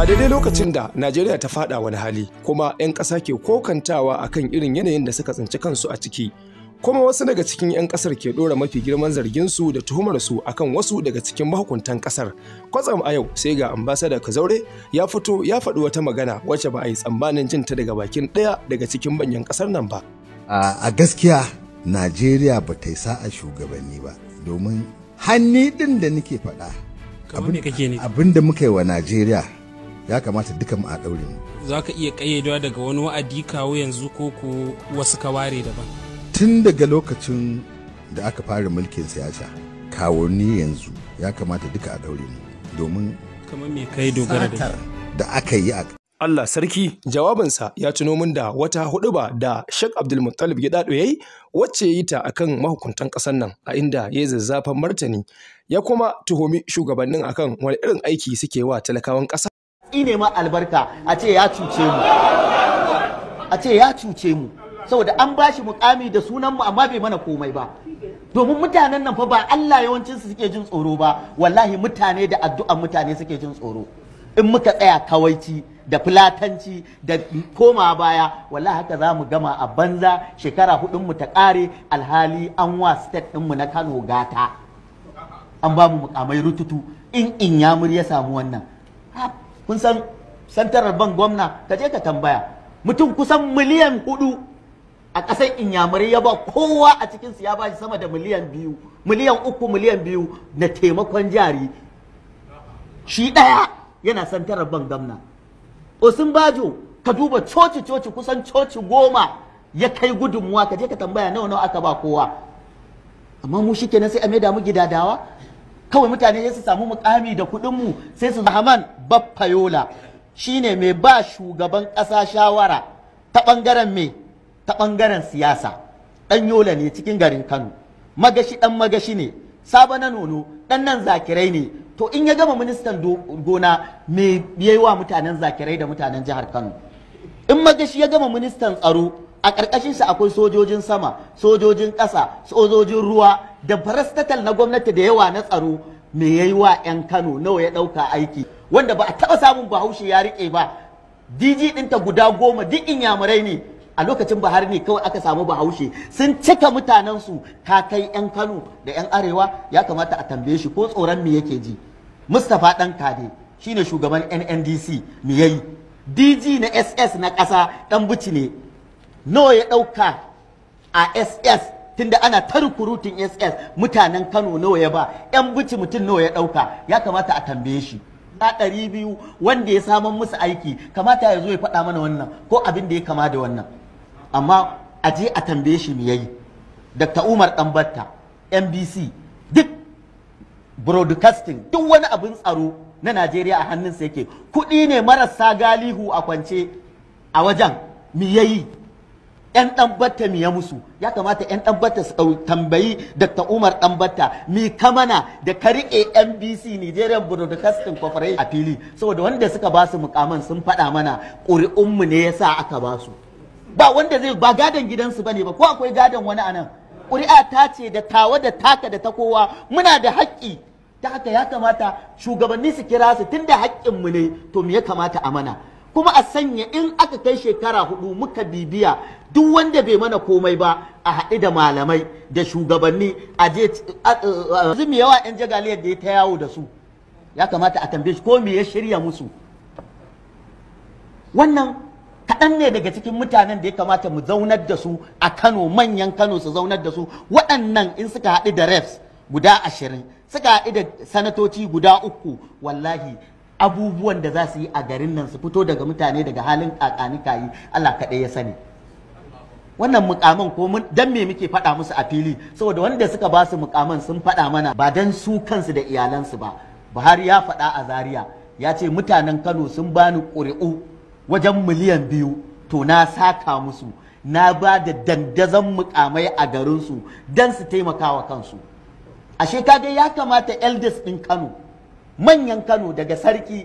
A daidai lokacin da Najeriya ta fada wani hali kuma 'yan ƙasa ke kokantawa a kan irin yanayin da suka tsinci kansu a ciki. Kuma wasu daga cikin 'yan kasar ke ɗora mafi girman zarginsu da tuhumarsu kan wasu daga cikin mahukuntan kasar. Kwatsam a yau sai ga ambasada Kazaure ya fito ya faɗi wata magana wacce ba a yi tsammanin jin ta daga bakin ɗaya daga cikin manyan ƙasar nan ba. A gaskiya Najeriya ba ta yi sa'a shugabanni ba domin hanni ɗin da nake faɗa abin da muka yi wa Najeriya ya kamata duka mu a ɗaure mu za ka iya ƙayyadewa daga wani wa'adi kawo yanzu ko ku wasu kaware daban tun daga lokacin da aka fara mulkin siyasa ni yanzu ya kamata duka a ɗaure mu domin kamar me kai dogara da da aka yi a Allah sarki jawabinsa ya tuno min da wata ba da Sheikh Abdul Muttalib ya yayi wacce ya yi ta akan mahukuntan ƙasar nan a inda ya zazzafan martani ya kuma tuhumi shugabannin akan wani irin aiki suke wa talakawan ƙasa tsine ma albarka a ce ya cuce mu a ce ya cuce mu saboda an ba shi mukami da sunan mu amma bai mana komai ba domin mutanen nan fa ba Allah yawancinsu suke jin tsoro ba wallahi mutane da addu'an mutane suke jin tsoro in muka tsaya kawaici da fulatanci da koma baya wallahi haka za mu gama a banza shekara hudun mu ta kare alhali an wa state din mu na Kano gata an ba mu mukamai rututu in in ya samu wannan kun san santarar ban gwamna ka je ka tambaya mutum kusan miliyan hudu a ƙasar inyamurai ya ba kowa a cikinsu ya ba shi sama da miliyan biyu miliyan uku miliyan biyu na taimakon jari shi ɗaya yana santarar ban gwamna osin bajo ka duba coci coci kusan coci goma ya kai gudunmuwa ka je ka tambaya nawa nawa aka ba kowa amma mu shi kenan sai a mai damu gidadawa kawai mutane ya su samu mukami da kuɗin mu sai su Rahman Baffayola shine mai ba shugaban ƙasa shawara ta ɓangaren me ta ɓangaren siyasa ɗan yola ne cikin garin Kano magashi ɗan magashi ne saba na nono ɗan nan zakirai ne to in ya gama ministan gona mai yayi wa mutanen zakirai da mutanen jihar Kano in magashi ya gama ministan tsaro a ƙarƙashin sa akwai sojojin sama sojojin ƙasa sojojin ruwa da farastatal na gwamnati da yawa na tsaro me yayi wa 'yan kano nawa ya ɗauka aiki wanda ba a taɓa samun bahaushe ya riƙe ba dg ɗinta guda goma duk inyamurai ne a lokacin bahar ne kawai aka samu bahaushe sun cika mutanensu ta kai 'yan kano da 'yan arewa ya kamata a tambaye shi ko tsoron me yake ji mustapha ɗan kade shine shugaban nndc me yayi dg na ss na ƙasa ɗan buci ne nawa ya ɗauka a ss tunda ana ta rukurutun ss mutanen kano nawa ya ba yan buci mutum nawa ya ɗauka ya kamata a tambaye shi a ɗari biyu wanda ya saman musu aiki kamata ya zo ya faɗa mana wannan ko abin da ya kama da wannan amma a je a tambaye shi me yayi dr umar ɗanbatta nbc duk broadcasting duk wani abin tsaro na najeriya a hannunsa yake kuɗi ne marasa galihu a kwance a wajen me yayi 'yan ɗan mi ya musu ya kamata 'yan ɗan su tambayi Dr. Umar ɗanbata mi kamana da ka riƙe NBC Nigerian Broadcasting Corporation a fili saboda wanda suka ba su mukaman sun faɗa mana ƙuri'unmu ne ya sa aka ba su ba wanda zai ba gadon gidansu ne ba ko akwai gadon wani anan ƙuri'a ta ce da tawa da taka da ta kowa muna da haƙƙi ta haka ya kamata shugabanni su kira su da haƙƙinmu ne to me ya kamata a mana kuma a sanya in aka kai shekara hudu muka bibiya duk wanda bai mana komai ba a haɗu da malamai da shugabanni a je zumi yawa yan jagaliyar da ya ta yawo da su ya kamata a tambaye shi ko me ya shirya musu wannan kaɗan ne daga cikin mutanen da ya kamata mu zaunar da su a kano manyan kano su zaunar da su waɗannan in suka haɗu da refs guda ashirin suka haɗu da sanatoci guda uku wallahi abubuwan da za su yi a garin nan su fito daga mutane daga halin kakanika yi Allah kaɗai ya sani wannan mukamin ko dan me muke faɗa musu a fili saboda wanda suka ba su mukaman sun faɗa mana ba dan su kansu da iyalansu ba Buhari ya faɗa a Zaria ya ce mutanen Kano sun bani ƙuri'u wajen miliyan biyu to na saka musu na ba da dandazon mukamai a garinsu don su taimaka wa kansu ashe dai ya kamata eldest ɗin Kano manyan Kano daga sarki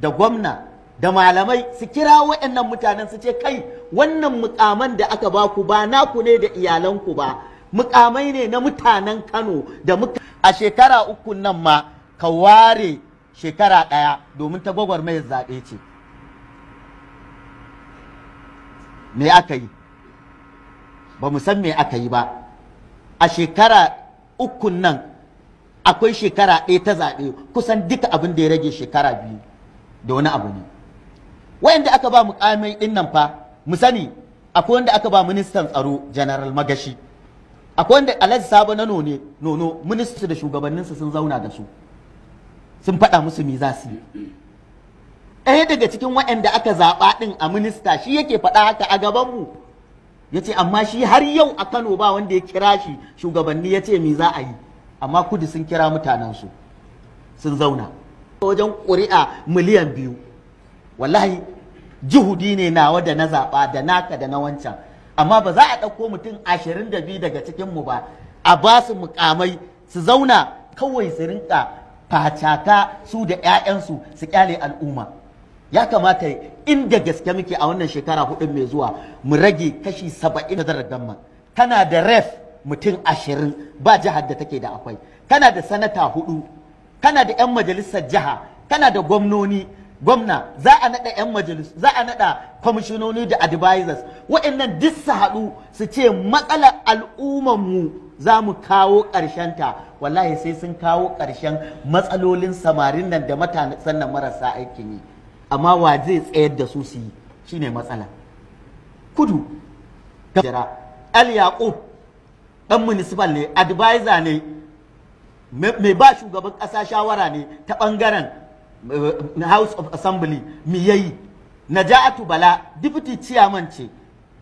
da gwamna da malamai su kira waɗannan mutanen su ce kai wannan mukaman da aka ba ku ba naku ne da iyalanku ba mukamai ne na mutanen Kano da muka a shekara uku nan ma ka ware shekara ɗaya domin ta gwagwarmayar zaɓe ce me aka yi ba mu san me aka yi ba a shekara ukun nan akwai shekara ɗaya ta zaɓe kusan duka abin da ya rage shekara biyu da wani abu ne wayanda aka ba mukamai ɗin nan fa mu sani akwai wanda aka ba ministan tsaro general magashi akwai wanda alhaji sabo na none nono ministan da shugabanninsa sun zauna da su sun faɗa musu me za su yi ɗaya daga cikin waɗanda aka zaɓa ɗin a minista shi yake faɗa haka a gabanmu ya ce amma shi har yau a kano ba wanda ya kira shi shugabanni ya ce me za a yi amma kudu sun kira mutanensu sun zauna wajen ƙuri'a miliyan biyu wallahi jihudi ne nawa da na zaɓa da naka da na wancan amma ba za a ɗauko mutum ashirin da biyu daga cikinmu ba a ba su mukamai su zauna kawai su rinka facata su da 'ya'yansu su kyale al'umma ya kamata inda gaske muke a wannan shekara hudun mai zuwa mu rage kashi saba'in da zarar tana da ref mutum ashirin ba jihar da take da akwai kana da sanata hudu kana da 'yan majalisar jiha kana da gwamnoni gwamna za a naɗa 'yan majalis za a nada kwamishinoni da advisors waɗannan duk su haɗu su ce matsalar al'ummanmu za mu kawo ƙarshen ta wallahi sai sun kawo ƙarshen matsalolin samarin nan da matasan nan marasa aiki ne. amma wa zai tsayar da su su yi shine matsala kudu jira al yaqub Ɗan municipal ne advisor ne mai ba shugaban ƙasa shawara ne ta ɓangaren eh, house of assembly miyayi naja'atu bala deputy chairman ce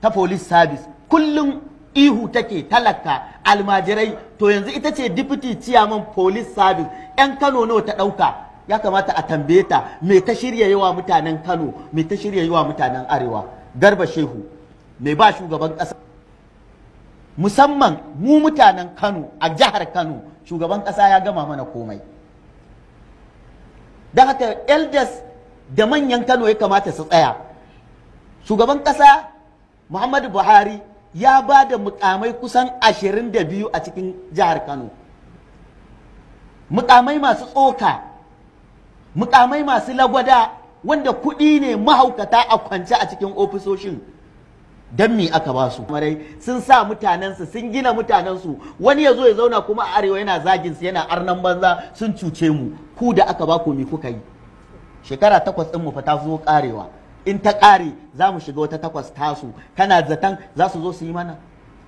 ta police service kullum ihu take talaka almajirai to yanzu ita ce deputy chairman police service yan kano nawa ta ɗauka ya kamata a tambaye ta Mai ta shirya yawa mutanen kano mai ta shirya yawa mutanen arewa garba shehu mai ba shugaban ƙasa musamman mu mutanen Kano a jihar Kano shugaban kasa ya gama mana komai don haka elders da manyan Kano ya kamata su tsaya shugaban kasa Muhammadu Buhari ya ba da mukamai kusan 22 a cikin jihar Kano mukamai masu tsoka mukamai masu lagwada wanda kudi ne mahaukata a kwance a cikin ofisoshin dan me aka ba su marai sun sa mutanensu sun gina mutanensu wani ya zo ya zauna kuma a arewa yana zagin su yana arnan banza sun cuce mu ku da aka ba ku me kuka yi shekara takwas din mu fa ta zo karewa in ta kare za mu shiga wata takwas tasu kana zaton za su zo su yi mana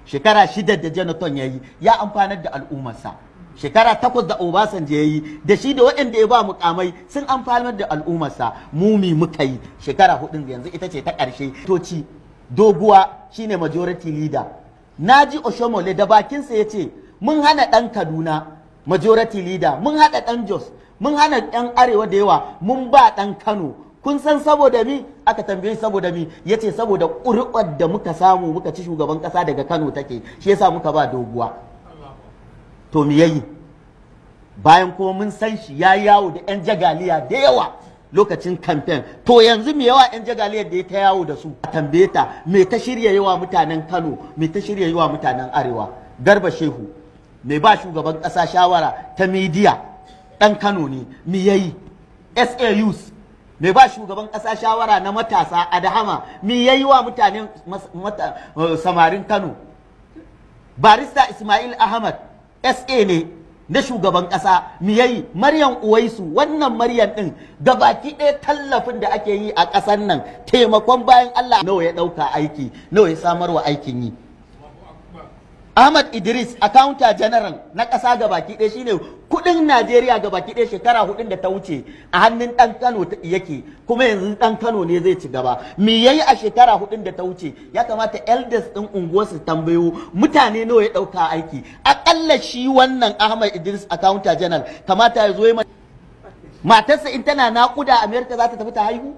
shekara shida da janaton ya yi ya amfanar da al'ummarsa shekara takwas da obasanjo ya yi da shi da waɗanda ya ba mukamai sun amfanar da al'ummarsa mu mi muka yi shekara hudun yanzu ita ce ta ƙarshe ci doguwa shine majority leader ji oshomole da bakinsa ya ce mun hana dan kaduna majority leader mun hada dan jos mun hana yan arewa da yawa mun ba dan kano kun san saboda mi aka tambaye saboda mi ya saboda ƙuri'ar da muka samu muka ci shugaban ƙasa daga kano take shi yasa muka ba doguwa to me yayi bayan kuma mun san shi ya yawo da 'yan jagaliya da yawa lokacin kamfen to yanzu me yawa yan jagaliyar da ya ta yawo da su a tambaye ta me ta shirya yawa mutanen Kano me ta shirya yawa mutanen Arewa Garba Shehu me ba shugaban ƙasa shawara ta media ɗan Kano ne me yayi SAUs me ba shugaban ƙasa shawara na matasa a Dahama me yayi wa mutanen eh, samarin Kano barista Ismail Ahmad SA ne na shugaban ƙasa mi yayi Maryam Uwaisu wannan Maryam ga baki ɗaya tallafin da ake yi a ƙasar nan taimakon bayan Allah nawa ya ɗauka aiki nawa ya samar wa aikin yi Ahmad Idris accountant general na ƙasa ga baki ɗaya shine kuɗin Najeriya ga baki ɗaya shekara hudun da ta wuce a hannun ɗan Kano yake kuma yanzu ɗan Kano ne zai ci gaba me yayi a shekara hudun da ta wuce ya kamata elders ɗin unguwar su tambayo mutane nawa ya ɗauka aiki Aƙalla shi wannan Ahmad Idris accountant general kamata ya zo ya matarsa in tana naƙuda America za ta tafi ta haihu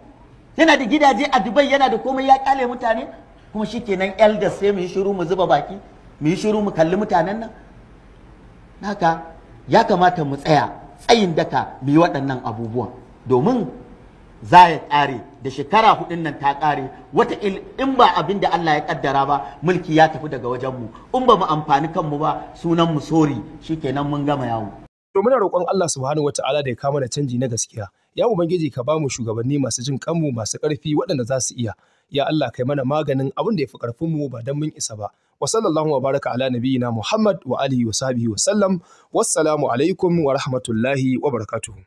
yana da gidaje a Dubai yana da komai ya ƙale mutane kuma shikenan elders sai mu yi shiru mu zuba baki mu yi shiru mu kalli mutanen nan naka ya kamata mu tsaya tsayin daka mu yi waɗannan abubuwan domin za ya ƙare da shekara hudun nan ta ƙare wata in ba abin da Allah ya kaddara ba mulki ya tafi daga wajenmu in ba mu amfani kanmu ba sunan mu sori shikenan mun gama yawo to muna roƙon Allah subhanahu wataala da ya kama da canji na gaskiya ya ubangiji ka ba mu shugabanni masu jin kanmu masu ƙarfi waɗanda za su iya ya Allah kai mana maganin abin da ya fi mu ba dan mun isa ba wa sallallahu wa baraka ala nabiyyina Muhammad wa alihi wa sahbihi wa sallam alaikum wa rahmatullahi wa barkatu.